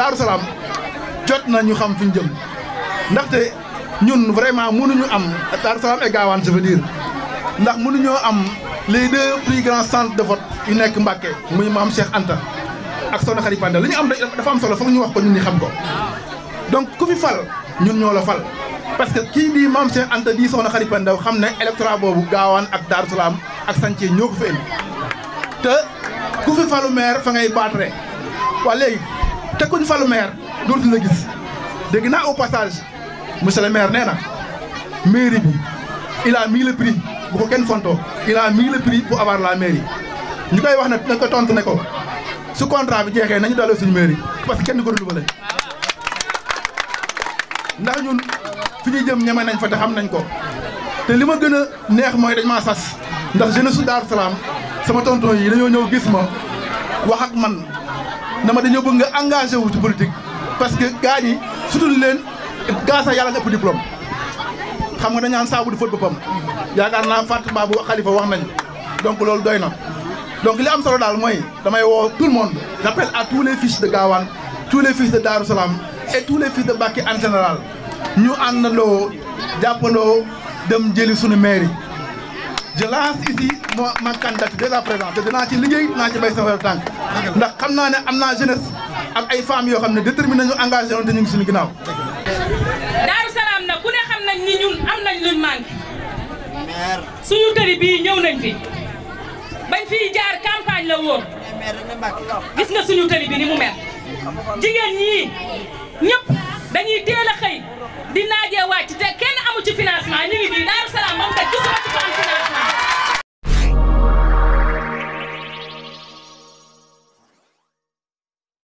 Daaru Salaam jot na ñu xam fi ñu jëm ndaxte ñun vraiment mënuñu am Daaru Salaam Gaawaan je veux dire ndax mënuñoo am les deux plus grands centres de vote yu nekk Mbàkke muy maam Cheikh Anta ak Soxna Xari Penda li ñu am dafa am solo foog ñu wax ko ñun ñu xam ko donc ku fi fal ñun ñoo la fal parce que kii di maam Cheikh Anta di Soxna Xari Penda xam ne électorat boobu Gaawaan ak Daaru ak Santhié ñoo ko fa indi te ku fi falu maire fa ngay baatre waa léegi te kuñ fal maire dootu la gis dégg naa au passage monsieur le maire nee na mairie bi il a mis le prix bu ko kenn fontoo il a mis le prix pour avoir la mairie ñu koy wax ne dañ ko tontu ne ko su contrat bi jeexee nañu delloo suñu mairie parce que kenn du ko renouvelé ndax ñun fi ñuy jëm ñeme nañ fa te xam nañ ko te li ma gën a neex mooy dañ maa sas ndax jeunesse su Daarou Salaam sama tonton yi dañoo ñëw gis ma waxak man. na ma dañoo bëgg nga engagé wu ci politique parce que gars yi sutul leen gaa sax yàlla nga ëpp diplôme xam nga dañu naan saabu di fóot boppam yaakaar naa Fatou Ba bu Khalifa wax nañ donc loolu doy na donc li am solo daal mooy damay woo tout le monde j'appelle à tous les fils de Gawane tous les fils de Darou Salam et tous les fils de Mbacké en général ñu àndandoo jàppandoo dem jëli suñu mairie je lance ici ma ma candidature dès à présent te dinaa ci liggéey dinaa ci béy sama tànk ndax xam naa ne am naa jeunesse ak ay femmes yoo xam ne déterminé nañu engagé woon te ñu ngi suñu ginnaaw. Daaru Salaam nag ku ne xam nañ ni ñun am nañ luñ manqué suñu tëri bii ñëw nañ fi bañ fiy jaar campagne la woon gis nga suñu tëri bi ni mu mel jigéen ñii ñëpp dañuy teel a xëy di naajee wàcc kenn amu ci financement ñu ngi nii.